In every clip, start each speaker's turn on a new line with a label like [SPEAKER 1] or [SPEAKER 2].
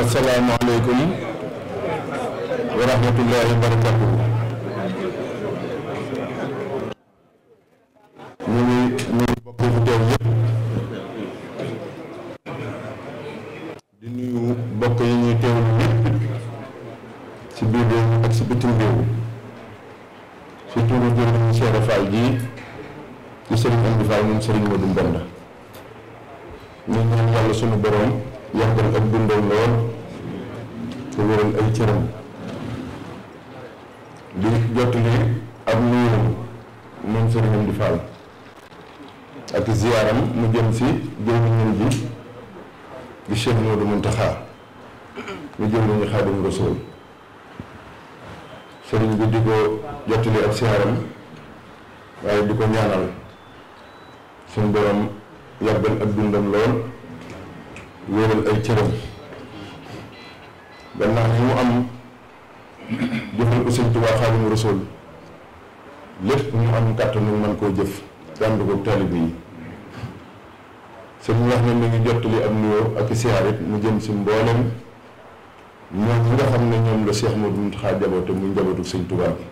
[SPEAKER 1] asalaamaaleykum wa rahmatullahi wa barakatuhu ñu ngi nuyu bokk di nuyu bokk yi ñuy teewlu yëpp ci biir réew ak ci bitim réew ci turu jëriñ Cheikh Fall ji ci Serigne Amdi Fall moom Serigne Modou Mbenda ñu ñaan yàlla sunu borom yàqal ak dundam lool te wéral ay cëram di jottali ab nuyuwam moom sëriñam di faal ak ziyaaram mu jëm si jëwriñam ji di Cheikh Modou Mountakha mu jëwriñu Xaadim Rasuul sëriñ bi di ko jottali ab ziyaaram waaye di ko ñaanal suñ borom yàggal ak dundam lool wéeral ay cëram gannaaw li mu am jëfal ko sëñ Tuubaa Xaadimu Rasuul lépp mu am kàttanu mën koo jëf dànd ko taalibe yi sëñ wax ne mi ngi jottali am nuyoo ak siyaar it mu jëm si mboolem ñoom ñi nga xam ne ñoom la Cheikh Modou Mountakha jaboote muy njabootu sëñ Tuubaa bi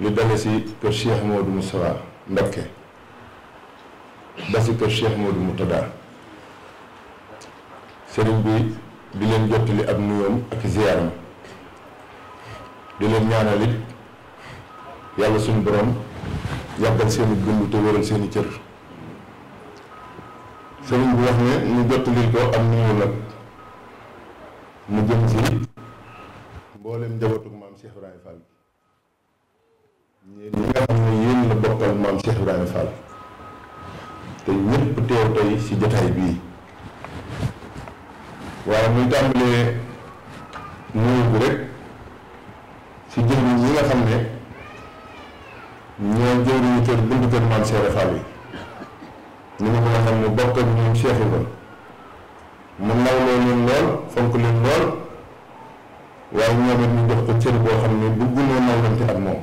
[SPEAKER 1] li dale si kër Cheikh Modou Moustapha Mbacké ba si kër Cheikh Modou Mourtada sëriñ bi di leen jottali ab nuyoom ak ziyaaram di leen ñaanal it yàlla suñu borom yàggal seen i te wéral seen i cër sëriñ bi wax ne ñu jottali ko ab nuyoo nag mu jëm si mboolem njabootug maam Cheikh Ibrahima Fall ñi nga te ñëpp tey si jotaay bii. waaye muy tàmbalee nuyu bi rek ci jëriñ yi nga xam ne ñoo jëriñu kër buntu kër maam Seere Fall yi ñu ngi ko nga xam ne bokk ak ñoom Cheikh Ibra mu nawloo leen lool fonk leen lool waaye ñoom it ñu jox ko cër boo xam ne bëggunoo nawlante ak moom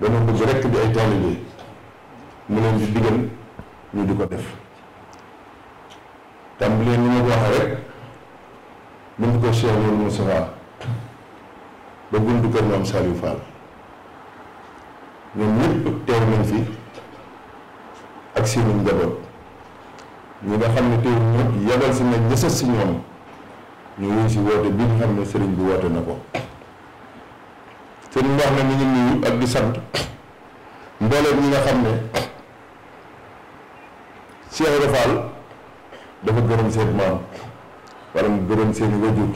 [SPEAKER 1] dana bëgg rek di ay taalibe mu leen di digal ñu di ko def leen ni ma ko waxee rek buñ ko Cheikh Mourou Moustapha ba buntu kër Maam Saliou Fall ñoom ñëpp teew nañ fi ak seenu njaboot ñi nga xam ne teew ñëpp yabal si nañ ñësës si ñoom ñu wuy si woote bi nga xam ne sëriñ bi woote na ñu di sant mbooleem ñi nga xam ne Cheikh Ibra dafa gërëm seen maam wala mu gërëm seen wajur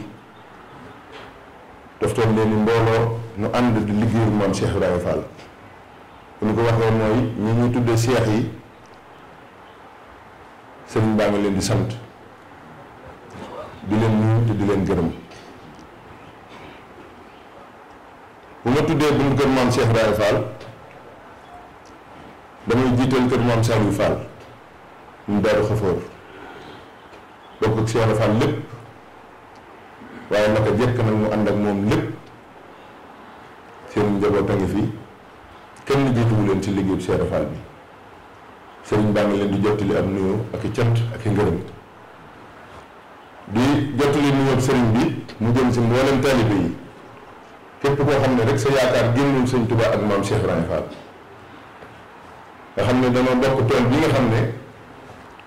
[SPEAKER 1] daf toog leen ni mbooloo nu ànd di liggéeyu maam Cheikh Ibrahima bu ñu ko waxee mooy ñi ñu tuddee seex yi sëriñ baa ngi leen di sant di leen nuyu te di leen gërëm bu ma tuddee bu ñu kër maam Cheikh Ibrahima damay jiital kër maam Saliou Fall ñu daaru xafoor bokk ak Cheikh Fall lépp waaye naka jekk nag mu ànd ak moom lépp seen njaboot a ngi fi kenn jiituwu leen ci liggéeyu Cheikh Fall bi sëriñ baa ngi leen di jottali am ak i cant ak i ngërëm di jottali nuyoo sëriñ bi mu jëm si mboolem taalibe yi képp koo xam ne rek sa yaakaar génnul sëñ Tuubaa ak maam Cheikh Ibrahima nga xam ne danoo bokk tool bi nga xam ne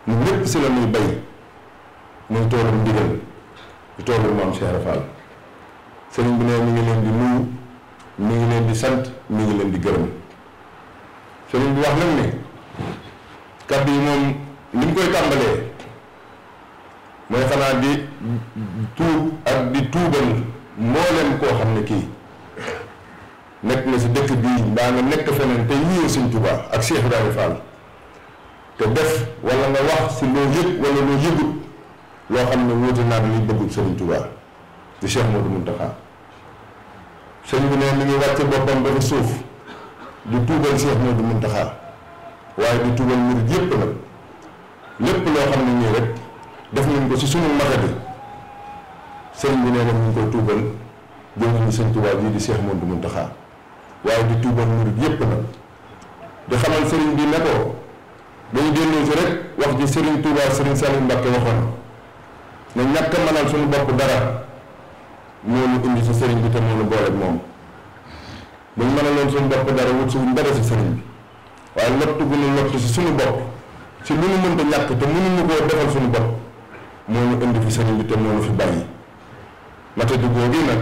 [SPEAKER 1] ñun ñëpp si la ñuy bay muy toolu ndigal di toolu maam Cheikh Fall sëriñ bi ne mi ngi leen di nuyu mi ngi leen di sant mi ngi leen di gërëm sëriñ bi wax nag ne kàddu yi moom ni mu koy tàmbalee mooy xanaa di tuub ak di tuubal koo xam ne kii nekk na si dëkk bii mbaa nga nekk feneen te yéew Sëriñ Tuubaa ak Cheikh Ibrahima te def wala nga wax si loo yëg wala loo yëgut loo xam ne wuute naa li bëggu Serigne Touba di Cheikh Modou Mountakha sëñ bi ne mi ngi wàcce boppam ba suuf di tuubal Cheikh Modou Mountakha waaye di tuubal murid yépp nag lépp loo xam nii rek def nañ ko ci sunu maxati bi nee na mu koy tuubal jëm ñu Sëñ Touba bii di Cheikh Modou waaye di tuubal murid yépp nag di xamal sëriñ bi ne ko dañu delloo si rek wax ji Serigne Touba Serigne Saliou Mbacké waxoon ne ñàkk a mënal suñu bopp dara ñooñu indi si sëriñ bi te mënu booleeg moom buñ mënaloon suñu bopp dara wut suñu dara si sëriñ bi waaye lottu gu ñu lottu si suñu bopp si lu ñu mënta ñàkk te mënuñu koo defal suñu bopp moo ñu indi fi sëriñ bi te moo ñu fi bàyyi matadi googu nag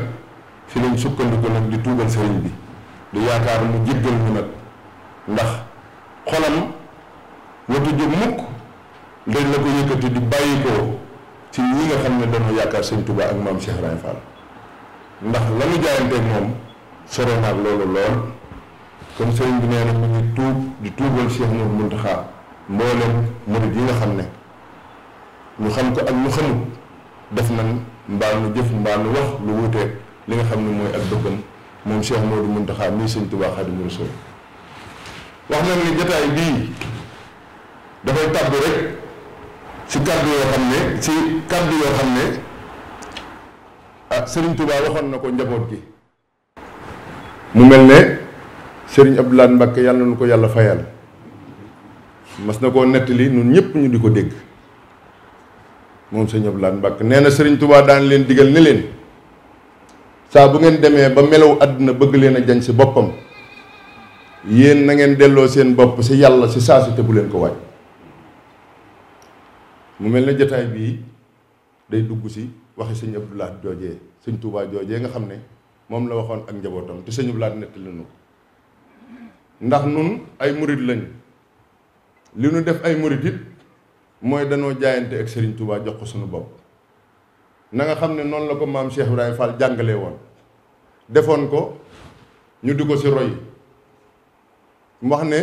[SPEAKER 1] fi lañ sukkandiku nag di tuubal sëriñ bi di yaakaar mu jéggal ñu nag ndax xolam watu jóg mukk dañ la ko yëkkati di bàyyi ko ci ñi nga xam ne dañoo yaakaar sëñ Touba ak maam Cheikh Ibrahima Fall ndax la mu jaayanteeg moom sore na ak loolu lool kon sëriñ bi nee na mu ngi tuub di tuubal Cheikh Mouhamadou Mountakha mboolem murid yi nga xam ne ñu xam ko ak ñu xamut def nañ mbaa nu jëf mbaa nu wax lu wuuteeg li nga xam ne mooy ak bëggam moom Cheikh Mouhamadou Mountakha mii sëñ Touba Xaadimu Rasuul wax nañ ni jotaay bii dafay tàbbi rek. si kàddu yoo xam ne si kàddu yoo xam ne ah Serigne Touba waxoon na ko njaboot gi
[SPEAKER 2] mu mel ne sëriñ Abdou Lahad Mbacké yàlla na ko yàlla fayal mas na koo nettali ñun ñëpp ñu di ko dégg moom Serigne Abdou Lahad Mbacké nee na sëriñ tubaa daan leen digal ni leen saa bu ngeen demee ba melow àdduna bëgg leen a jañ si boppam yeen na ngeen delloo seen bopp si yàlla si saa si te bu leen ko waaj mu mel ne jataay bii day dugg si waxi sëñ Abdou Lahad joojee sëñ Touba joojee nga xam ne moom la waxoon ak njabootam te sëñ Abdou Lahad nettali nañu ndax nun ay murit lañ li nu def ay murit it mooy danoo jaayante ak sëriñ Touba jox ko suñu bopp na nga xam ne noonu la ko maam Cheikh Ibrahima Fall jàngalee woon defoon ko ñu di ko si roy mu wax ne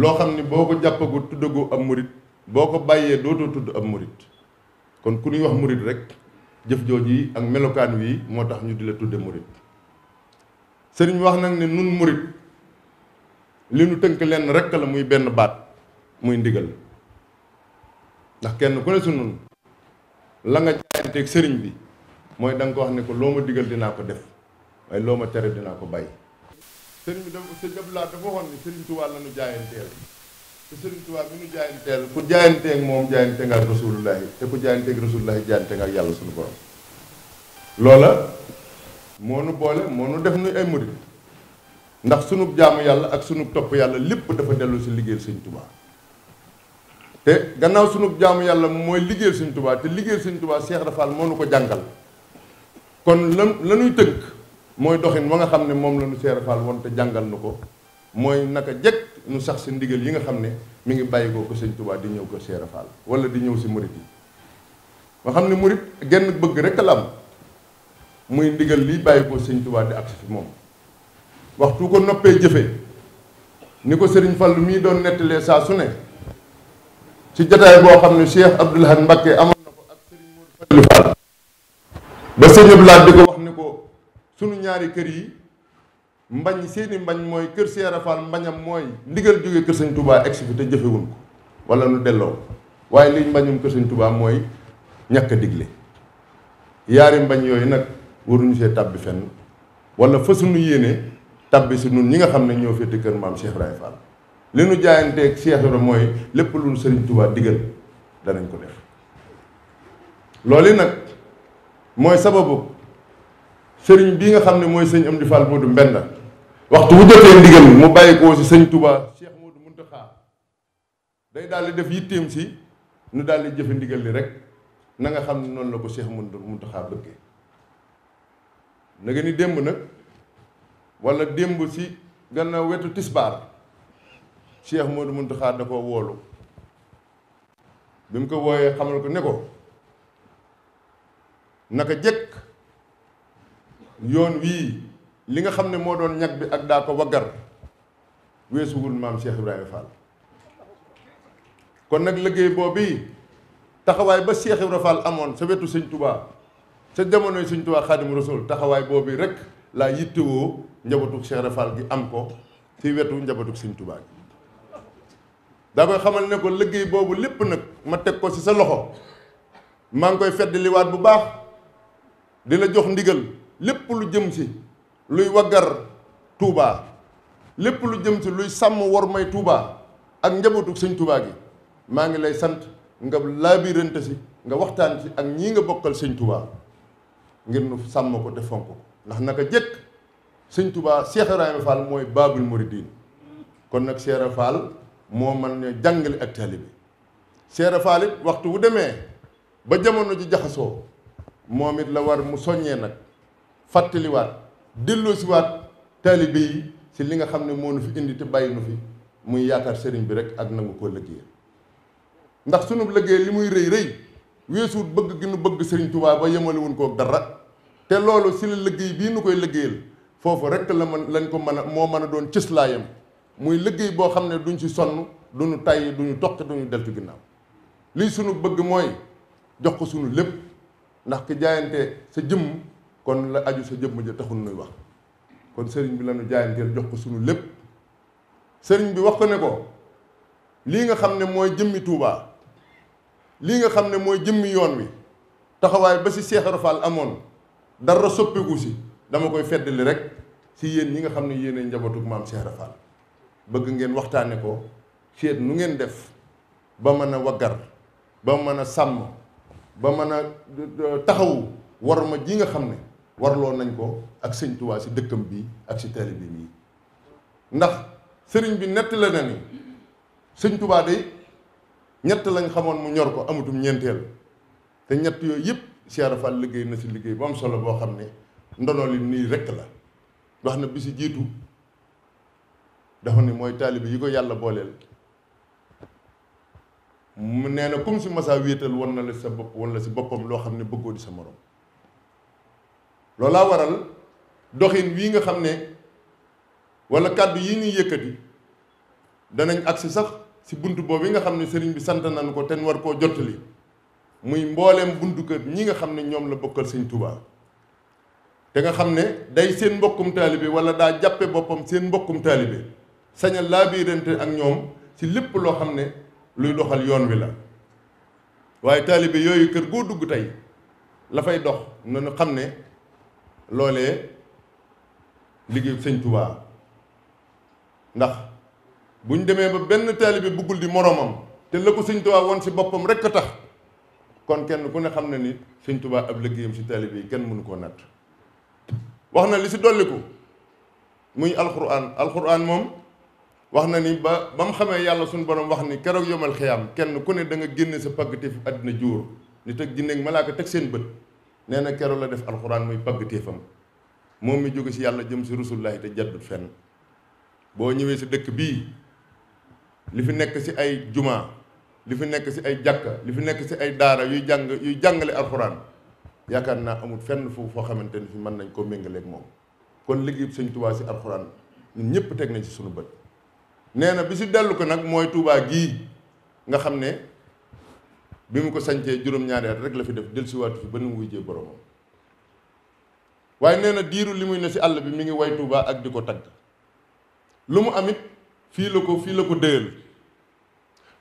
[SPEAKER 2] loo xam ne boo ko jàppagu tuddagu am murit boo ko bàyyee dootoo tudd ab murit kon ku ñuy wax murit rek jëf jooj yi ak melokaan wii moo tax ñu di la tudde murit sëriñ wax nag ne nun murit li nu tënk lenn rekk la muy benn baat muy ndigal ndax kenn ku ne su nun la nga jaayanteeg sëriñ bi mooy da ko wax ne ko loo ma digal dinaa ko def waaye loo ma tere dinaa ko bàyyi sëriñ bi dafa si Abdoulaye dafa waxoon ne sëriñ Tuubaa la nu jaayanteel te Sëriñ Tuubaa bi ñu jaayanteel ku jaayanteeg moom jaayante nga ak rasulullahi te ku jaayanteeg rasulullahi jaayante nga ak yàlla suñu borom loola moo nu boole moo nu def nuy ay murid ndax sunu jaamu yàlla ak sunu topp yàlla lépp dafa dellu si liggéeyal Sëriñ Tuubaa te gannaaw sunu jaamu yàlla mooy liggéeyal Sëriñ Tuubaa te liggéeyal Sëriñ Tuubaa Seex Rafaal moo nu ko jàngal kon la la ñuy mooy doxin wa nga xam ne moom la ñu Seex Rafaal woon te jàngal nu ko mooy naka jëkk nu sax si ndigal yi nga xam ne mu ngi bàyyi ko ko sëñ Tuubaa di ñëw ko Seera Faal wala di ñëw si murit yi nga xam ne murit genn bëgg rek la muy ndigal liy bàyyi ko sëñ Tuubaa di agsi fi moom waxtu ko noppee jëfe ni ko sëriñ Fallu mii doon nettalee saa su ne ci jataay boo xam ne Cheikh Abdoul Ahad Mbacké amoon na ko ak sëriñ Modou Fallu
[SPEAKER 3] ba sëñ Abdoul Ahad
[SPEAKER 2] wax ni ko sunu ñaari kër yi mbañ seeni mbañ mooy kër Cheikh Fall mbañam mooy ndigal jóge kër Sëñ tubaa egsi fi te jëfewuñ ko wala nu delloo waaye liñ mbañum kër Sëñ Touba mooy ñakk a digle yaari mbañ yooyu nag waruñu see tabbi fenn wala fa suñu yéene tabbi si nun ñi nga xam ne ñoo féete kër maam Cheikh Ibrahima Fall li nu jaayanteeg Cheikh mooy lépp lu Sëriñ Touba digal danañ ko def loolu nag mooy sababu. sëriñ bii nga xam ne mooy sëñ Amdi Fall Modou Mbenda waxtu bu jotee ndigal mu bàyyi ko si sëñ Touba Cheikh Modou Mountakha day daal di def yitteem si nu daal di jëfe ndigal li rek na nga xam ne noonu la ko Cheikh Modou Mountakha bëggee na nga ni démb nag walla démb si gannaaw wetu tisbaar Cheikh Modou Mountakha da ko woolu bi mu ko wooyee xamal ko ne ko naka jëkk yoon wii li nga xam ne moo doon ñag bi ak daa ko waggar weesuwul maam Cheikh Ibrahima kon nag liggéey boobu taxawaay ba Cheikh Ibrahima amoon sa wetu sëñ Touba sa jamonoy sëñ Touba Xaadimu Rasuul taxawaay boobu rek laa yittewoo njabootu Cheikh Ibrahima Fall gi am ko si wetu njabatu sëñ Touba gi daa koy xamal ne ko liggéey boobu lépp nag ma teg ko ci sa loxo maa ngi koy fedd liwaat bu baax di la jox ndigal lépp lu jëm ci luy waggar Touba lépp lu jëm ci luy sàmm war may tuuba ak njabootu sëñ Touba gi maa ngi lay sant nga laabirante si nga waxtaan ci ak ñii nga bokkal sëñ Touba ngir nu sàmm ko te fonk ko ndax naka jëkk sëñ Touba Cheikh Ibrahima Fall mooy Baabul Muridiin kon nag Cheikh Ibrahima Fall moo mën ne jàngale ak taalibe Cheikh Ibrahima waxtu wu demee ba jamono ji jaxasoo moom it la war mu soññee nag. fàttaliwaat delloosiwaat taalibe yi si li nga xam ne moo nu fi indi te bàyyi nu fi muy yaakaar sëriñ bi rek ak nangu ko liggéey ndax sunu liggéey li muy rëy rëy weesuut bëgg gi nu bëgg sëriñ Tuubaa ba yemale wuñ ko dara te loolu si la liggéey bii nu koy liggéeyal foofu rek la mën lañ ko mën a moo mën a doon cëslaayam muy liggéey boo xam ne duñ si sonn duñu tàyyi duñu toqi duñu deltu ginnaaw lii sunu bëgg mooy jox ko sunu lépp ndax ki jaayante sa jëmm kon la aju sa jëmm ja taxul nuy wax kon sëriñ bi lañu jaayanteel jox ko sunu lépp sëriñ bi wax ko ne ko lii nga xam ne mooy jëmmi Touba lii nga xam ne mooy jëmmi yoon wi taxawaay ba si Cheikh Rafal amoon dara soppiku si dama koy feddali rek si yéen ñi nga xam ne yéenay njabootug maam Cheikh Rafal bëgg ngeen waxtaane ko seet nu ngeen def ba mën a waggar ba mën a sàmm ba mën a taxawu war ma ji nga xam ne warloo nañ ko ak sëñ Tuubaa si dëkkam bi ak si teel bi nii ndax sëriñ bi nett la na ni sëñ Tuubaa day ñett lañ xamoon mu ñor ko amatum ñeenteel te ñett yooyu yëpp Cheikh Fall liggéey na si liggéey bu am solo boo xam ne ndono li nii rekk la wax na bi si jiitu dafa ni mooy taalibe yi ko yàlla booleel mu nee na comme si masaa wéetal wan na la sa bopp wan la si boppam loo xam ne bëggoo di sa moroom loolu laa waral doxin wii nga xam ne wala kàddu yi ñuy yëkkati danañ agsi sax si bunt boobu yi nga xam ne sëriñ bi sant nañ ko ten war koo li muy mboolem buntu kër ñi nga xam ne ñoom la bokkal sëñ Tuubaa te nga xam ne day seen mbokkum taalibe wala daa jàppe boppam seen mbokkum taalibe sañal laa laabirante ak ñoom ci lépp loo xam ne luy doxal yoon wi la waaye taalibe yooyu kër goo dugg tey la fay dox nañu xam ne loole liggéey sëñ Touba ndax buñ demee ba benn taalibe buggul di moroomam te la ko sëñ Touba woon si boppam rekk a tax kon kenn ku ne xam ne ni sëñ Touba ab liggéeyam si taalibe yi kenn mënu koo natt wax na li si dolliku muy alxuraan alxuraan moom wax na ni ba ba mu xamee yàlla suñu borom wax ni keroog yomal xiyaam kenn ku ne da nga génne sa pagg te fi àddina jóor nit ak jinne ak ko teg seen bët nee na keroog la def alxuraan muy pagg téefam moom mi jóge si yàlla jëm si rusullaahi te jaddut fenn boo ñëwee si dëkk bii li fi nekk si ay jumaa li fi nekk si ay jàkka li fi nekk ci ay daara yuy jàng yuy jàngale alxuraan yaakaar naa amul fenn fu foo xamante ni fi mën nañ koo méngaleeg moom kon liggéeyub sëñ Tuubaa si alxuraan ñun ñëpp teg nañ si sunu bët nee bi si dellu ko nag mooy Tuubaa gii nga xam ne bi mu ko sancee juróom-ñaari at rek la fi def dellusiwaatu fi ba nu mu wujjee boromam waaye nee na diiru li muy ne si àll bi mu ngi way Tuubaa ak di ko tagg lu mu amit fii la ko fii la ko dëyal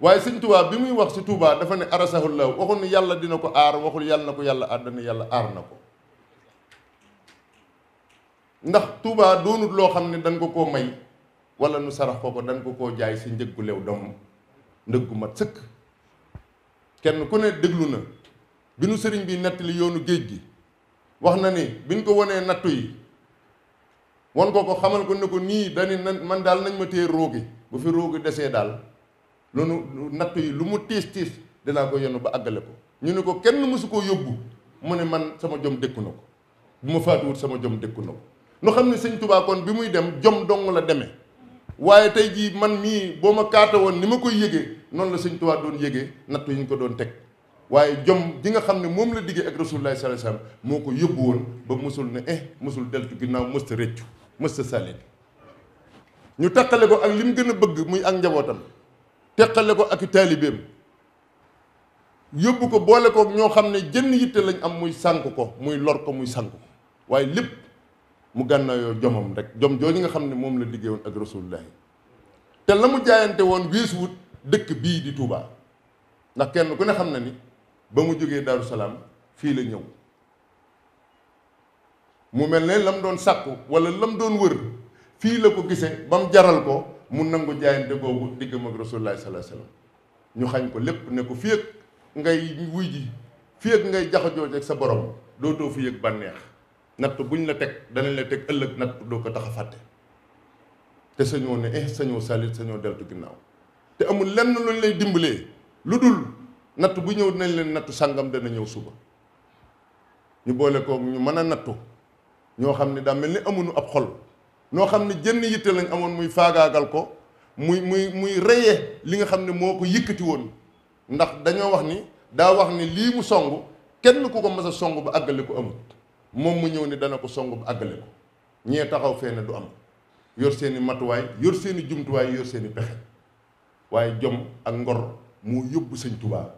[SPEAKER 2] waaye sëñ bi muy wax si Tuubaa dafa ne arasahullah waxul yàlla dina ko aar waxul yàlla na ko yàlla aar dana yàlla aar na ko ndax Tuubaa doonut loo xam ne dañ ko koo may walla nu sarax ko ko dañ ko koo jaay si njëg gu lew doom ndëggu gu mat sëkk kenn ku ne déglu na bi nu sëriñ bi nettali yoonu géej gi wax na ni biñ ko wanee nattu yi won ko ko xamal ko ne ko nii dani man daal nañ ma tee roogi bu fi roogi desee daal loolu nattu yi lu mu tiis tiis dinaa ko yenu ba àggale ko ñu ne ko kenn mësu koo yóbbu mu ne man sama jom dékku na ko bu ma faatuwut sama jom dékku na ko nu xam ne sëñ Tuubaa kon bi muy dem jom dong la demee waaye tey jii man mii boo ma kaata woon ni ma koy yëgee noonu la sëñ Tuubaa doon yëgee nattu yi ñu ko doon teg waaye jom ji nga xam ne moom la diggee ak Rasulullah sallallahu alayhi wasallam moo ko yóbbu woon ba mosul ne eh musul deltu ginnaaw mësta rëccu mësta salit ñu teqale ko ak li mu gën a bëgg muy ak njabootam teqale ko ak taalibeem yóbbu ko boole ko ñoo xam ne jënn yitte lañ am muy sànk ko muy lor ko muy sànk ko waaye lépp mu gànnaayoo jomam rek jom jooju nga xam ne moom la liggéeyoon ak rasulullahi te la mu jaayante woon weesu wut dëkk bii di tuubaa ndax kenn ku ne xam na ni ba mu jógee Daaru Salaam fii la ñëw mu mel ne la mu doon sàkku wala la mu doon wër fii la ko gisee ba mu jaral ko mu nangu jaayante googu diggam ak rasulullahi sallallahu alayhi wasallam ñu xañ ko lépp ne ko fii ak ngay wuy ji fii ak ngay jaxajoo ak sa borom dootoo fii ak bànneex nattu bu buñ la teg danañ la teg ëllëg natt doo ko tax a fàtte te sañoo ne eh sañoo salit sañoo deltu ginnaaw te amul lenn luñ lay dimbalee lu dul nattu bu ñëw dinañ leen nattu sàngam dana ñëw suba ñu boole koog ñu mën a nattu ñoo xam ne daa mel ni amuñu ab xol noo xam ne jënn yitte lañ amoon muy faagaagal ko muy muy muy reyee li nga xam ne moo ko yëkkati woon ndax dañoo wax ni daa wax ni lii mu song kenn ku ko mës a song ba àggale ko amut moom mu ñëw ni dana ko song bu àggale ko ñee taxaw fee ne du am yor seeni matuwaay yor seeni jumtuwaay yor seeni pexe waaye jom ak ngor mu yóbbu sëñ Tuubaa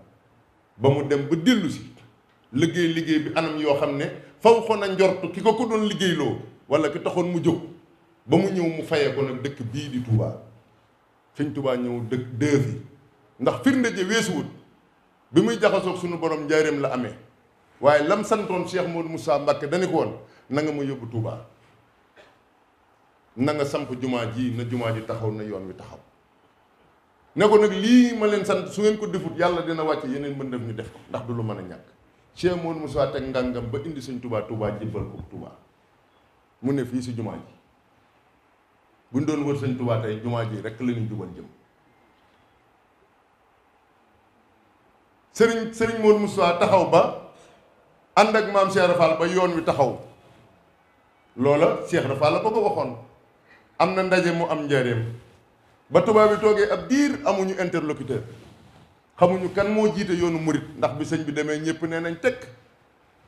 [SPEAKER 2] ba mu dem ba dellu si liggéey liggéey bi anam yoo xam ne faw xon a njort ki ko ko doon liggéeyloo wala ki taxoon mu jóg ba mu ñëw mu fayee ko nag dëkk bii di Touba sëñ Touba ñëw dëkk dër ndax firnde je weesuwut bi muy jaxasoog sunu borom njaareem la amee waaye lam santoon Cheikh Modou Moussa Mbacke dañu ko woon na ma yóbbu Touba na nga samp jumaa ji na jumaa ji taxaw na yoon wi taxaw ne ko nag lii ma leen sant su ngeen ko defut yàlla dina wàcce yeneen mbëndam ñu def ko ndax du lu mën a ñàkk Cheikh Modou Moussa teg ngàngam ba indi suñ Touba Touba jébbal ko Touba mu ne fii si jumaa ji buñ doon wër sëñ Touba tey jumaa ji rek la ñu jubal jëm sëriñ sëriñ Modou Moussa taxaw ba ànd ak maam Cheikh Rafal ba yoon wi taxaw loola Cheikh Rafal la ko ko waxoon am na ndaje mu am njaareem ba tubaab bi toogee ab diir amuñu interlocuteur xamuñu kan moo jiite yoonu murit ndax bi sëñ bi demee ñëpp nee nañ tekk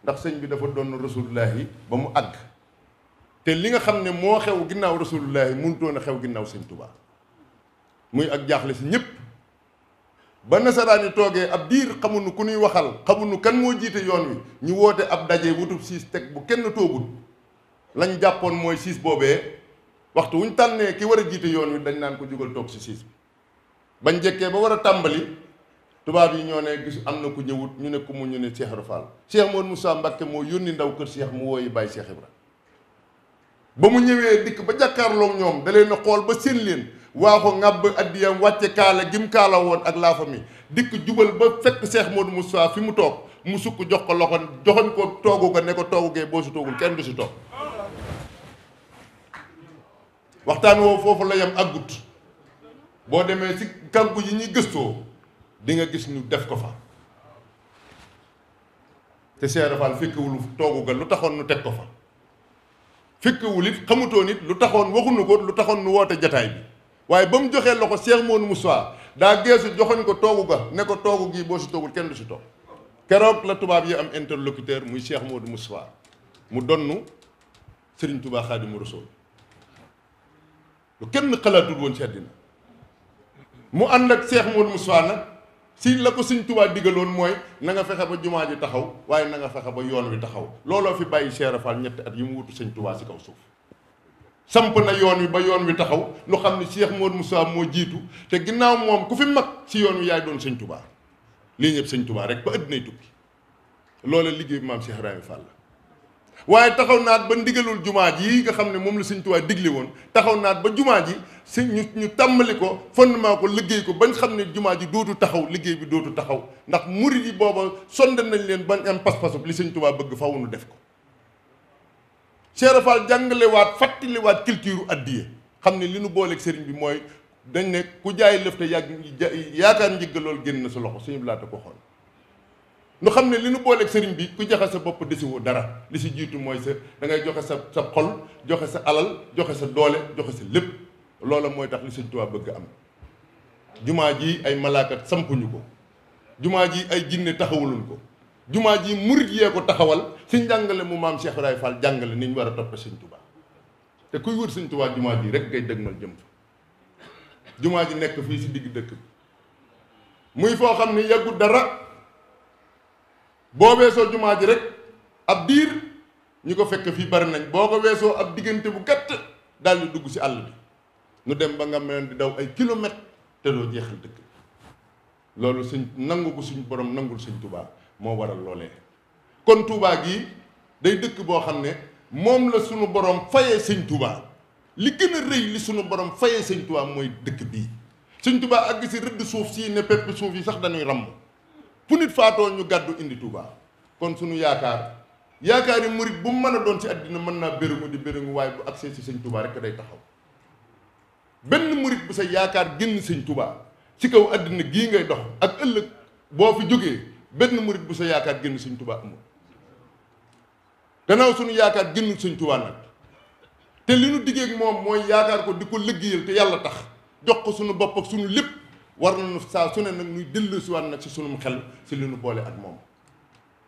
[SPEAKER 2] ndax sëñ bi dafa doon rasulullahi ba mu àgg te li nga xam ne moo xew ginnaaw rasulullahi mënutoon a xew ginnaaw sëñ Tuubaa muy ak jaaxle si ñëpp. ba nasaraan yi toogee ab diir xamuñu ku ñuy waxal xamuñu kan moo jiite yoon wi ñu woote ab daje wutub siis teg bu kenn toogul lañ jàppoon mooy siis boobee waxtu wuñ tànnee ki war a jiite yoon wi dañ naan ko jugal toog si siis bi bañ njëkkee ba war a tàmbali tubaab yi ñoo ne gis am na ku ñëwut ñu ne ku mu ñu ne Cheikh Ibra Fall Cheikh Mouhamadou Moussa Mbacké moo yónni ndaw kër Cheikh mu wooyi Baye Cheikh Ibra ba mu ñëwee dikk ba jàkkaarloog ñoom da leen a xool ba seen leen waaxu ŋàbb addiyam wàcce kaala gim kaala woon ak laafa mi dikk jubal ba fekk Cheikh Modou Moustapha fi mu toog mu sukk jox ko loxo joxoñ ko toogu ko ne ko toogugee boo si toogul kenn du si toog waxtaan woowu foofu la yam àggut boo demee ci kàggu yi ñuy gëstoo di nga gis ñu def ko fa te Cheikh Fall fekkiwul toogu ga lu taxoon nu teg ko fa fekkiwul it xamutoon it lu taxoon waxuñu ko lu taxoon nu woote jataay bi waaye ba mu joxee loxo Cheikh Mawone Moussa daa geesu joxoñ ko toogu ga ne ko toogu gii boo si toogul kenn du si toog keroog la tubaab yi am interlocuteur muy Cheikh Mawone Moussa mu donnu Serigne Touba Khadimou Rassoul lu kenn xalaatul woon ci àddina mu ànd ak Cheikh Mawone Moussa nag si la ko Serigne Touba digaloon mooy na nga fexe ba jumaa ji taxaw waaye na nga fexe ba yoon wi taxaw looloo fi bàyyi Cheikh Rafal ñetti at yi mu wutu Serigne Touba si kaw suuf. samp na yoon wi ba yoon wi taxaw lu xam ne Cheikh Modou Moussa moo jiitu te ginnaaw moom ku fi mag si yoon wi yaay doon sëñ Touba lii ñëpp sëñ Touba rek ba àddinay tukki loola liggéey maam Cheikh Ibrahima Fall waaye taxaw naa naat ba ndigalul jumaa ji nga xam ne moom la sëñ Touba digle woon taxaw naat ba jumaa ji si ñu ñu tàmbali ko fondement ko liggéey ko bañ xam ne jumaa ji dootu taxaw liggéey bi dootu taxaw ndax murid yi booba sonde nañ leen bañ am pas li sëñ Touba bëgg faaw nu def ko. Cheikh Fall jàngalewaat fàttaliwaat culture addiye xam ne li nu booleek sëriñ bi mooy dañ ne ku jaay lëf te yàgg yaakaar njëgg loolu génn na sa loxo suñu laata ko xool nu xam ne li nu booleeg sëriñ bi ku joxe sa bopp desiwoo dara li si jiitu mooy sa da ngay joxe sa sa xol joxe sa alal joxe sa doole joxe sa lépp loola mooy tax lu si Tuubaa bëgg am jumaa ji ay malaakat sampuñu ko jumaa ji ay jinne taxawuluñ ko jumaa ji murit yee ko taxawal si njàngale mu maam Cheikh Ibrahima jàngale ni ñu war a topp sëñ Tuubaa te kuy wër sëñ Tuubaa jumaa ji rek ngay dëgmal jëm fa jumaa ji nekk fii si digg dëkk bi muy foo xam ne yàggu dara boo weesoo jumaa ji rek ab diir ñi ko fekk fii bari nañ boo ko weesoo ab diggante bu gàtt daal di dugg si àll bi nu dem ba nga mel di daw ay kilomètres te doo jeexal dëkk loolu suñ nangu ko suñ borom nangul sëñ Tuubaa moo waral loole kon Touba gi day dëkk boo xam ne moom la sunu borom fayee sëñ Touba li gën a rëy li sunu borom fayee sëñ Touba mooy dëkk bii sëñ Touba àgg si rëdd suuf sii ne pepp suuf yi sax dañuy ràmm fu nit faatoo ñu gàddu indi Touba kon sunu yaakaar yaakaar yi murit bu mën a doon si àddina mën naa béréngu di béréngu waaye bu agsee si sëñ Touba rek day taxaw benn murit bu sa yaakaar génn sëñ Touba ci kaw àddina gii ngay dox ak ëllëg boo jógee. benn murit bu sa yaakaar génn sëñ tubaa amul gannaaw suñu yaakaar génn sëñ tubaa nag te li nu diggeek moom mooy yaakaar ko di ko liggéeyal te yàlla tax jox ko suñu bopp ak suñu lépp war nañu saa su ne nag nuy dellusiwaat nag si sunum xel si li nu boole ak moom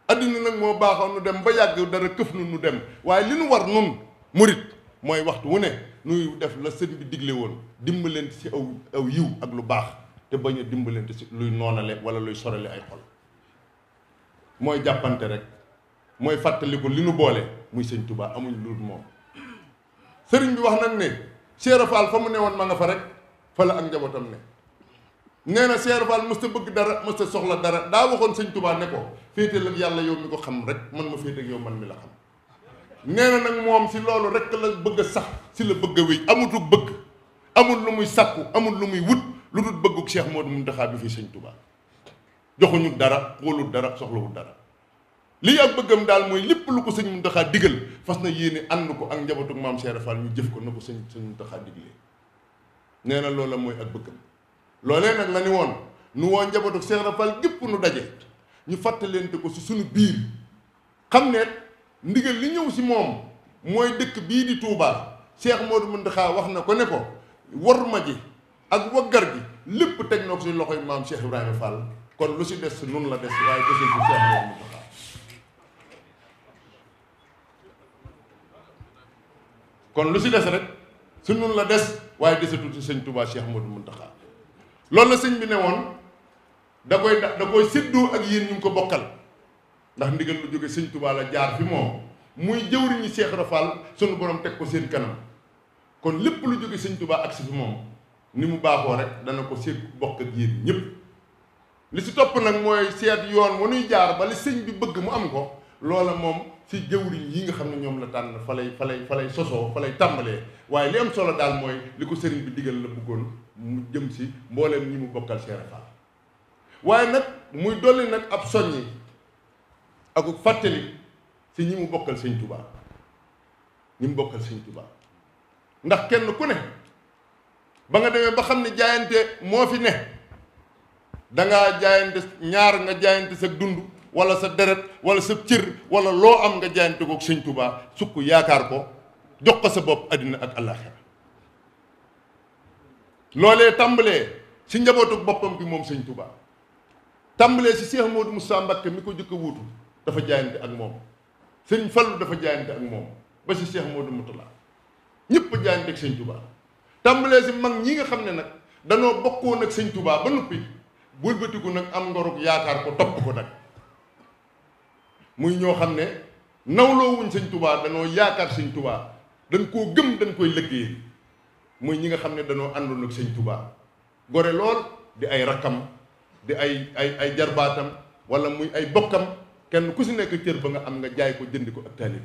[SPEAKER 2] addina nag moo baaxoon nu dem ba yàgg dara këf nu nu dem waaye li nu war nun murit mooy waxtu wu ne nuy def la sëñ bi digle woon dimbalante si aw aw yiw ak lu baax te bañ a dimbalante si luy noonale wala luy sorale ay xol mooy jàppante rek mooy fàttaliku li nu boole muy sëñ tubaa amuñ lu moom sëriñ bi wax nag ne Cheikh Fall fa mu ne woon ma nga fa rek fa la ak njabootam ne nee na Cheikh Fall mës ta bëgg dara mës ta soxla dara daa waxoon sëñ Touba ne ko féetal ak yàlla yow mi ko xam rek man ma féete ak yow man mi la xam nee na nag moom si loolu rek la bëgg sax si la bëgg a wéy amutu bëgg amul lu muy sàkku amut lu muy wut lu dul bëgguk Cheikh Modou Mountakha bi fii sëñ joxuñu dara wóolu dara soxlawul dara lii ak bëggam daal mooy lépp lu ko sëñ Muntaxa digal fas na yéene ànd ko ak njabootu maam Cheikh Fall ñu jëf ko na ko sëñ sëñ Muntaxa diglee nee na la mooy ak bëggam loolee nag la ni woon nu woo njabootu Cheikh Fall gépp nu daje ñu fàttalente ko si suñu biir xam ne ndigal li ñëw si moom mooy dëkk bii di Touba Cheikh Modou Muntaxa wax na ko ne ko war ma ji ak waggar gi lépp teg na ko si loxoy maam Cheikh Ibrahima kon lu si des nun la des waaye desul bu kon lu si des rek su nun la des waaye desatul si sëñ Touba Cheikh Modou Mountakha loolu la sëñ bi ne woon da koy da koy séddoo ak yéen ñu ngi ko bokkal ndax ndigal lu jóge sëñ Touba la jaar fi moom muy jëwriñu Cheikh Rafal sunu borom teg ko seen kanam kon lépp lu jóge sëñ tubaa ak si fi moom ni mu baaxoo rek dana ko sédd bokk ak yéen ñëpp. li si topp nag mooy seet yoon nuy jaar ba li sëñ bi bëgg mu am ko loola moom si jëwriñ yi nga xam ne ñoom la tànn fa lay fa lay fa lay sosoo fa lay tàmbalee waaye li am solo daal mooy li ko sëriñ bi digal la bëggoon mu jëm si mbooleem ñi mu bokkal Cheikh waaye nag muy dolli nag ab soññi ak fàttali si ñi bokkal sëñ Touba ñi mu ndax kenn ku ne ba nga demee ba xam ne jaayante moo fi ne da ngaa jaayante ñaar nga jaayante sa dund wala sa deret wala sa cër wala loo am nga jaayante ko sëñ Touba sukk yaakaar ko jox ko sa bopp àddina ak àllaaxira loolee tàmbalee si njabootu boppam bi moom sëñ Touba tàmbalee si Cheikh Modou saa Mbacké mi ko jëkk wuutu dafa jaayante ak moom sëñ Fallu dafa jaayante ak moom ba si Cheikh Modou Moutala ñëpp jaayante ak sëñ Touba tàmbalee si mag ñi nga xam ne nag danoo bokkoon ak sëñ Touba ba noppi wëlbatiku nag am ngorug yaakaar ko topp ko nag muy ñoo xam ne nawloo wuñ sëñ tubaa danoo yaakaar sëñ tubaa dañ koo gëm dañ koy liggéey muy ñi nga xam ne danoo àndoon ak sëñ tubaa gore lool di ay rakkam di ay ay ay jarbaatam wala muy ay bokkam kenn ku si nekk cër ba nga am nga jaay ko jënd ko ak ñoo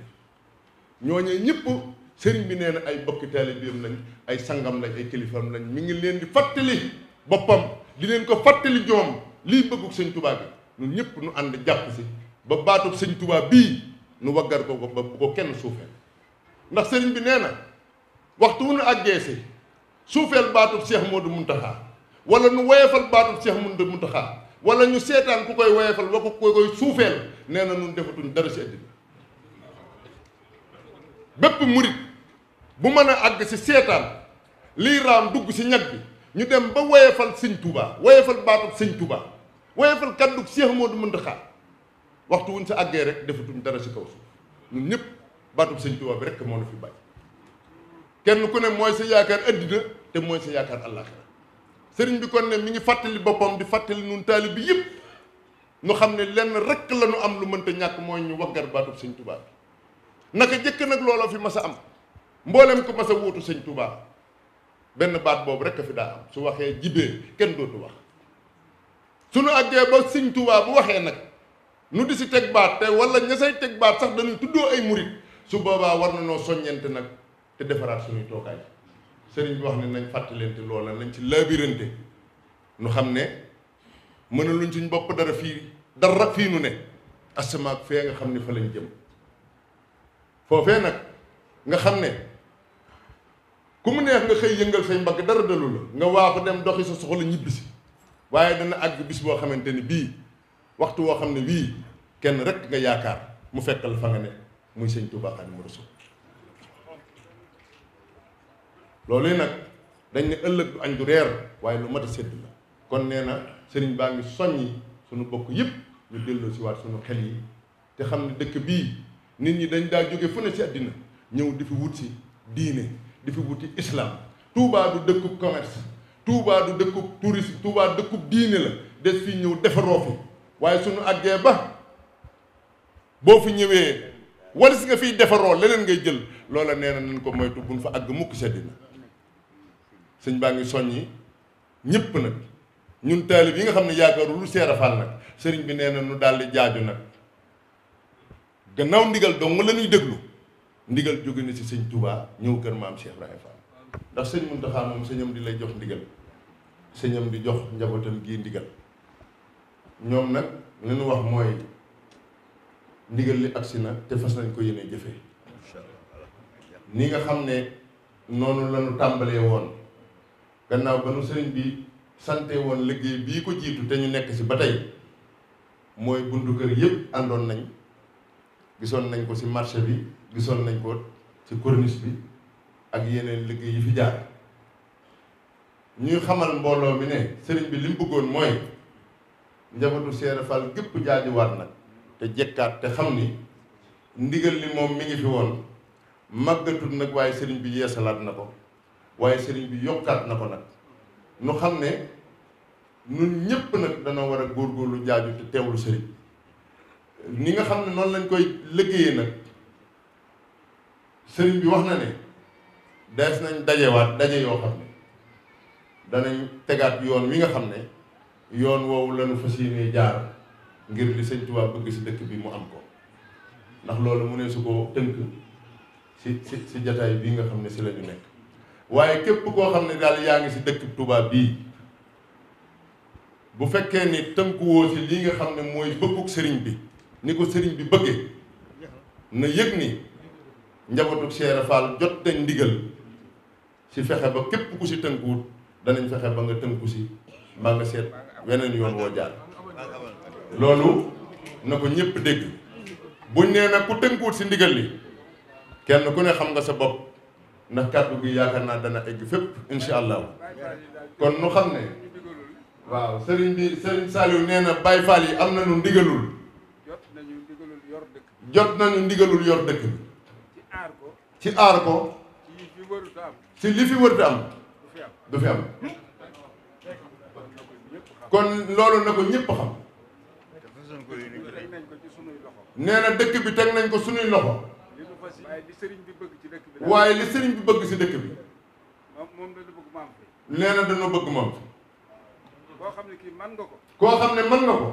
[SPEAKER 2] ñooñee ñëpp sëriñ bi nee na ay bokki taalibeem lañ ay sangam lañ ay kilifaam lañ mu ngi leen di fàttali boppam di ko fàttali ñoom liy bëggug sëñ Tuubaa bi ñun ñëpp nu ànd jàpp si ba baatub sëñ Tuubaa bii nu waggar ko ko ba bu ko kenn suufeel ndax sëriñ bi nee na waxtu wu nu àggee si suufeel baatub Seex Moodu Muntaxaa wala nu woyefal baatub Seex Moodu Muntaxaa walla ñu seetaan ku koy woyefal wa ku koy suufeel nee na nun defatuñ dara si àddina bépp murit bu mën a àgg si seetaan liy raam dugg si ñag bi ñu dem ba woyefal sëñ tubaa woyefal baatub sëñ Touba woyefal kàddug Cheikh Modou xaar waxtu wuñ sa àggee rek defatum dara si kaw suuf ñun ñëpp baatub sëñ Touba bi rek moo la fi bàyyi kenn ku ne mooy sa yaakaar addina te mooy sa yaakaar àllaaxira sëriñ bi kon ne mi ngi fàttali boppam di fàttali nun taalibe bi yëpp ñu xam ne lenn rek la ñu am lu mënta ñàkk mooy ñu waggar baatub sëñ tubaa bi naka jëkk nag looloo fi ma sa am mboolem ko mas a wuutu sëñ Touba. benn baat boobu rek a fi daa am su waxee jibee kenn dootu wax suñu àggee ba Sëñ Tuubaa bu waxee nag nu di si teg baat te wala ña say teg baat sax dañuy tuddoo ay murit su boobaa war na noo soññente nag te defaraat suñuy toogaay sëriñ bi wax ne nañ fàttalente loola nañ ci labirante nu xam ne mën luñ suñ bopp dara fii dara fii nu ne asamaak fee nga xam ni fa lañ jëm foofee nag nga xam ne ku mu neex nga xëy yëngal say mbagg dara dalu la nga ko dem doxi sa soxla ñibbisi waaye dana àgg bis boo xamante ni bii waxtu woo xam ne bii kenn rek nga yaakaar mu fekkal fa nga ne muy sëñ Tuubaa Xaadimu Rasuul loolu yi nag dañ ne ëllëg du añ du reer waaye lu mat a sedd la kon nee na sëriñ baa ngi soññi suñu bokk yëpp ñu delloo si waat suñu xel yi te xam ne dëkk bii nit ñi dañ daa jóge fu ne si àddina ñëw di fi wut si diine di fi wuti islam Touba du dëkkub commerce Touba du dëkkub tuubaa Touba dëkkub diine la des fi ñëw defaroo fi waaye suñu àggee ba boo fi ñëwee wala si nga fiy defaroo leneen ngay jël loola nee na nañ ko moytu buñ fa àgg mukk sedd na sëñ baa ngi soññi ñëpp nag ñun taalib yi nga xam ne yaakaaru lu seer faal nag sëriñ bi nee na nu daal jaaju nag gannaaw ndigal dong la ñuy déglu. ndigal jóge na si sëñ Touba ñëw kër maam Cheikh Ibrahima Fall ndax sëñ Mountakha moom sëñam di lay jox ndigal sëñam di jox njabootam gii ndigal ñoom nag li ñu wax mooy ndigal li agsi na te fas nañ ko yéene jëfee ni nga xam ne noonu la tàmbalee woon gannaaw ba nu sëriñ bi sante woon liggéey bii ko jiitu te ñu nekk ci ba tey mooy buntu kër yëpp àndoon nañ gisoon nañ ko si marché bi. gisoon nañ ko ci corniche bi ak yeneen liggéey yi fi jaar ñuy xamal mbooloo mi ne sëriñ bi li mu bëggoon mooy njabootu Seere Fall gépp jaajuwaat nag te jekkaat te xam ni ndigal li moom mi ngi fi woon màggatul nag waaye sëriñ bi yeesalaat na ko waaye sëriñ bi yokkaat na ko nag nu xam ne nun ñépp nag danoo war a góorgóorlu jaaju te teewlu sëriñ ni nga xam ne noonu lañ koy liggéeyee nag sëriñ bi wax na ne des nañ dajewaat daje yoo xam ne danañ tegaat yoon wi nga xam ne yoon woowu lañu fas yéenee jaar ngir li sëñ Tuubaa bëgg si dëkk bi mu am ko ndax loolu mu ne su ko tënk si si si jataay bii nga xam ne si la ñu nekk waaye képp koo xam ne daal yaa ngi si dëkk tubaab bii bu fekkee ni tënkuwoo si lii nga xam ne mooy bëgguk sëriñ bi ni ko sëriñ bi bëggee na yëg ni njabootu Cheikh Fall jot nañ ndigal ci fexe ba képp ku si tënkuwut danañ fexe ba nga tënku si maa nga seet weneen yoon woo jaar loolu na ko ñëpp dégg buñ nee nag ku tënkuwut si ndigal li kenn ku ne xam nga sa bopp ndax kàddu gi yaakaar naa dana egg fépp incha allah kon nu xam ne waaw sëriñ bi sëriñ Saliou nee na Baye Fall yi am na ndigalul
[SPEAKER 4] jot nañu ndigalul yor
[SPEAKER 2] jot nañu ndigalul yor dëkk ci aar ko si li fi wërta am du fi am kon loolu na ko ñëpp xam nee na dëkk bi teg nañ ko suñuy loxo waaye li sëriñ bi bëgg si dëkk bi nee na dañoo bëgg moom
[SPEAKER 4] koo xam ne kii mën nga ko
[SPEAKER 2] koo xam ne mën nga ko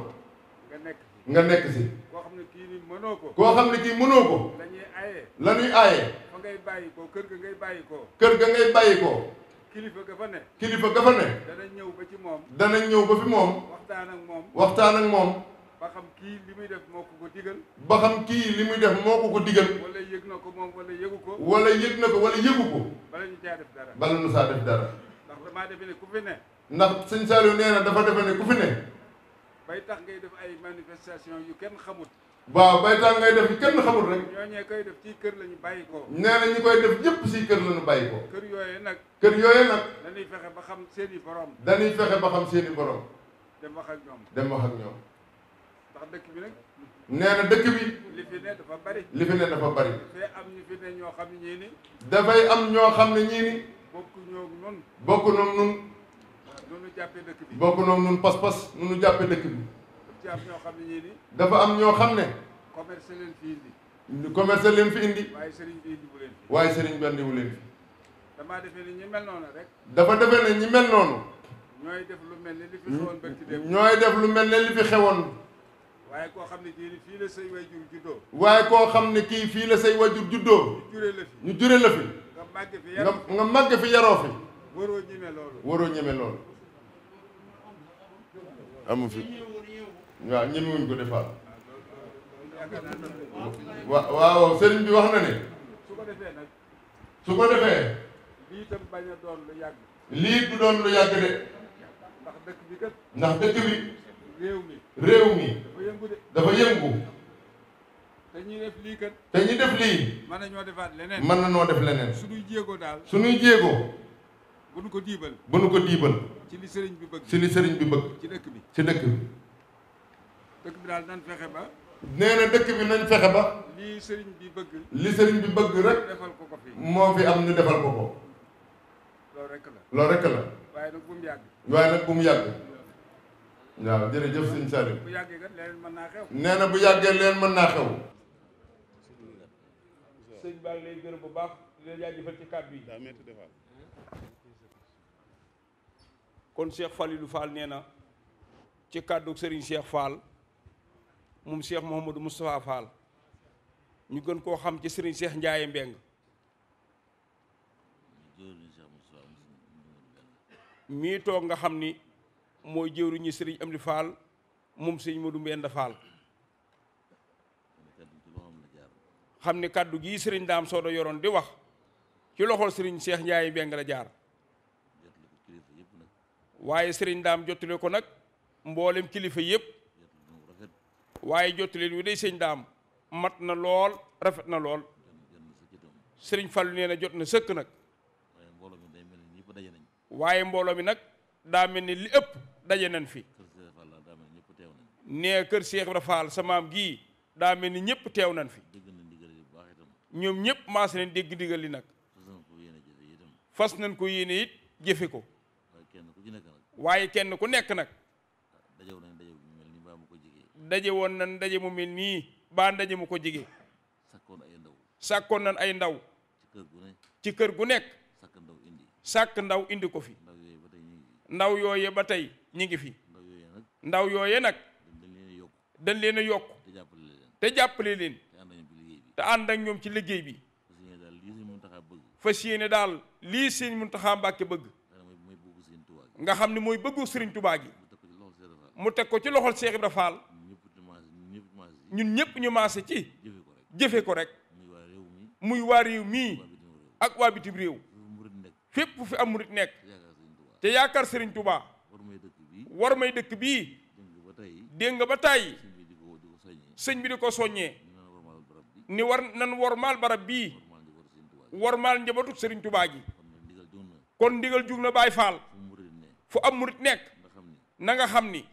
[SPEAKER 2] nga nekk nga nekk si
[SPEAKER 4] koo xam ne kii mënoo ko koo xam ne mënoo ko la ñuy aaye ngay bàyyi ko kër ga ngay bàyyi ko kër ga ngay bàyyi ko kilifa ga fa ne kilifa gaa fa ne dana ñëw ba ci moom dana ñëw ba fi moom waxtaan ak moom waxtaan ak moom ba xam kii li muy def moo ko ko digal ba
[SPEAKER 2] xam kii li muy def moo ko ko digal
[SPEAKER 4] wala yëg na ko moom wala yëgu ko wala yëg na ko wala yëgu ko bala ñu saa def dara bala ñu saa def dara ndax damaa defe ne ku fi ne ndax sëñ yu nee na dafa defe ne ku fi ne bay tax ngay def ay manifestation yu kenn xamut waaw baytaan ngay def kenn xamul rek. ñooñee koy def ci kër la ñu bàyyi ko. nee ñi koy def ñëpp si kër la bàyyi ko. kër yooyee nag. kër yooyee nag. dañuy fexe ba xam seeni i dañuy fexe
[SPEAKER 2] ba xam seen borom. dem wax ak ñoom. dem wax ak ñoom.
[SPEAKER 4] dëkk bi nag. nee na dëkk bi. li fi ne
[SPEAKER 2] bari. li fi ne dafa bari. dafay am fi ne ñoo xam ne ñii nii. dafay am ñoo xam ne nii. bokk ñoo nun. bokk ñoom nun. nu bokk ñoom nun pas-pas nu nu jàppee dëkk bi.
[SPEAKER 4] am ñoo xam ne ñii dafa am ñoo xam ne. commerce leen fi indi.
[SPEAKER 2] ñu leen fi indi.
[SPEAKER 4] waaye sëriñ waaye
[SPEAKER 2] sëriñ bi indi wu leen
[SPEAKER 4] defee ne ñi mel noonu rek. dafa defee ne ñi mel noonu. ñooy def lu mel ne li def
[SPEAKER 2] lu mel ne li fi
[SPEAKER 4] waaye koo xam ne kii fii la say wajur juddoo.
[SPEAKER 2] waaye koo xam ne kii fii la say wajur juddoo. ñu jure la fi ñu jure la nga màgg fi yaroo fi nga màgg fi yaroo fi. waroo ñeme loolu waroo ñeme loolu. waaw ñu ko defaat waaw sëriñ bi wax na ne su ko defee
[SPEAKER 4] lii tam bañ a doon yàgg
[SPEAKER 2] lii du doon lu yàgg de ndax dëkk bi kat ndax dëkk bi
[SPEAKER 4] réew mi réew mi dafa yëngu de dafa yëngu te ñuy def lii kat te ñoo def defaat leneen mën nañoo def leneen suñuy jéego daal
[SPEAKER 2] suñuy jéego bu nu ko diibal bu nu ko diibal ci li sëriñ bi bëgg ci li sëriñ bi ci dëkk bi ci dëkk bi
[SPEAKER 4] dëkk bi daal nañ fexe ba. nee na dëkk bi nañ fexe ba. li sëriñ bi
[SPEAKER 2] bëgg. li sëriñ bi bëgg rek. defal ko ko fi moo fi am ñu defal ko ko. loolu rek la loolu rek
[SPEAKER 4] waaye nag bu mu yàgg.
[SPEAKER 2] waaye nag bu mu yàgg. waaw jërëjëf sëñ bu yàggee
[SPEAKER 3] kat leen mën naa xew. nee na bu yàggee leen mën naa xew. sëñ Ba lay gërëm bu baax di leen jaajëfal ci kàddu yi. kon Cheikh Falilou Fall nee na ci kàddu Serigne Cheikh Fall. moom Cheikh Mouhamadou Moustapha Fall ñu gën koo xam ci Serigne Cheikh Ndiaye Mbeng mii toog nga xam ni mooy jëwriñu Serigne Amdi Fall moom Serigne Modou Mbenda Fall xam ni kàddu gii Serigne Daam Soodo yoroon di wax ci loxol sëriñ Cheikh Ndiaye Mbeng la jaar waaye sëriñ Daam jottale ko nag mboolem kilifa yëpp waaye jottali wi day sëñ daam mat na lool rafet na lool sëriñ Fallou nee na jot na sëkk nag waaye mbooloo mi nag daa mel ni li ëpp daje nan fi nee kër Cheikh Ibra Fall sa maam gii daa mel ni ñëpp teew nañ fi ñoom ñëpp maas nañ dégg ndigal li nag fas nañ ko yéene it jëfe ko waaye kenn ku nekk nag daje woon nan ndaje mu mel nii baa ndaje mu ko jige sàkkoon ay ndaw sàkkoon nan ay ndaw ci kër gu nekk ci kër sàkk ndaw indi sàkk ndaw indi ko fi ndaw yooye ba tey ñi ngi fi ndaw yooye nag dañ leen a yokk te jàppale leen te ànd ak ñoom ci liggéey bi fas yéene daal lii mu sëñ Muntaxa Mbàkke bëgg nga xam ne mooy bëggu sëriñ Tubaa gi mu teg ko ci loxol Seex Ibra Faal ñun ñëpp ñu maase ci jëfe ko rek muy waa réew mii ak waa bitim réew fépp fi am murit nekk te yaakaar sëriñ Touba war may dëkk bii dégg nga ba tàyyi sëñ bi di ko soññee ni war nan wormaal barab bii wormaal njabootu sëriñ Touba gi kon ndigal jug na Baay Faal fu am murit nekk na nga xam ni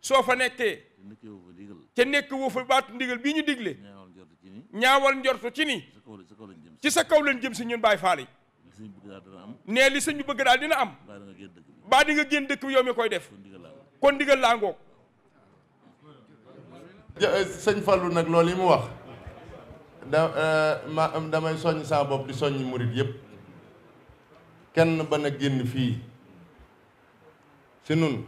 [SPEAKER 3] soo fa nekkee te nekk woo fa baatu ndigal bii ñu digle ñaawal njortu ci ni ci sa kaw lañ jëm si ñun Baay Faal yi nee li sëñ bëgg daal dina am baa di nga génn dëkk yow mi koy def kon ndigal laa ngoog eh, sëñ Fallou nag lool yi mu
[SPEAKER 2] wax da eh, damay soññ saa bopp di soññ murit yëpp kenn ba na génn fii si nun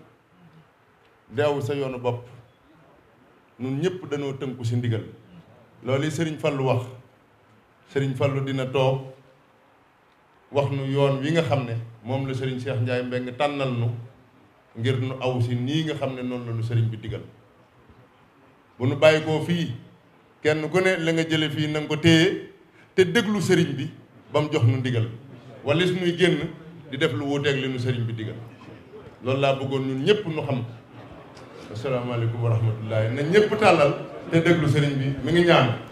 [SPEAKER 2] deew sa yoonu bopp nun ñëpp dañoo tënku si ndigal loolu sëriñ Fallu wax sëriñ Fallu dina toog wax nu yoon wi nga xam ne moom la sëriñ Cheikh Ndiaye Mbeng tànnal nu ngir nu aw si nii nga xam ne noonu la nu sëriñ bi digal bu nu bàyyi koo fii kenn ku ne la nga jële fii na ko téye te déglu sëriñ bi ba mu jox nu ndigal walis nuy génn di def lu wuuteeg li nu sëriñ bi digal loolu laa bëggoon ñun ñëpp nu
[SPEAKER 4] xam asalaamaaleykum wa rahmatullahi na ñëpp tàllal te déglu sëriñ bi mi ngi ñaan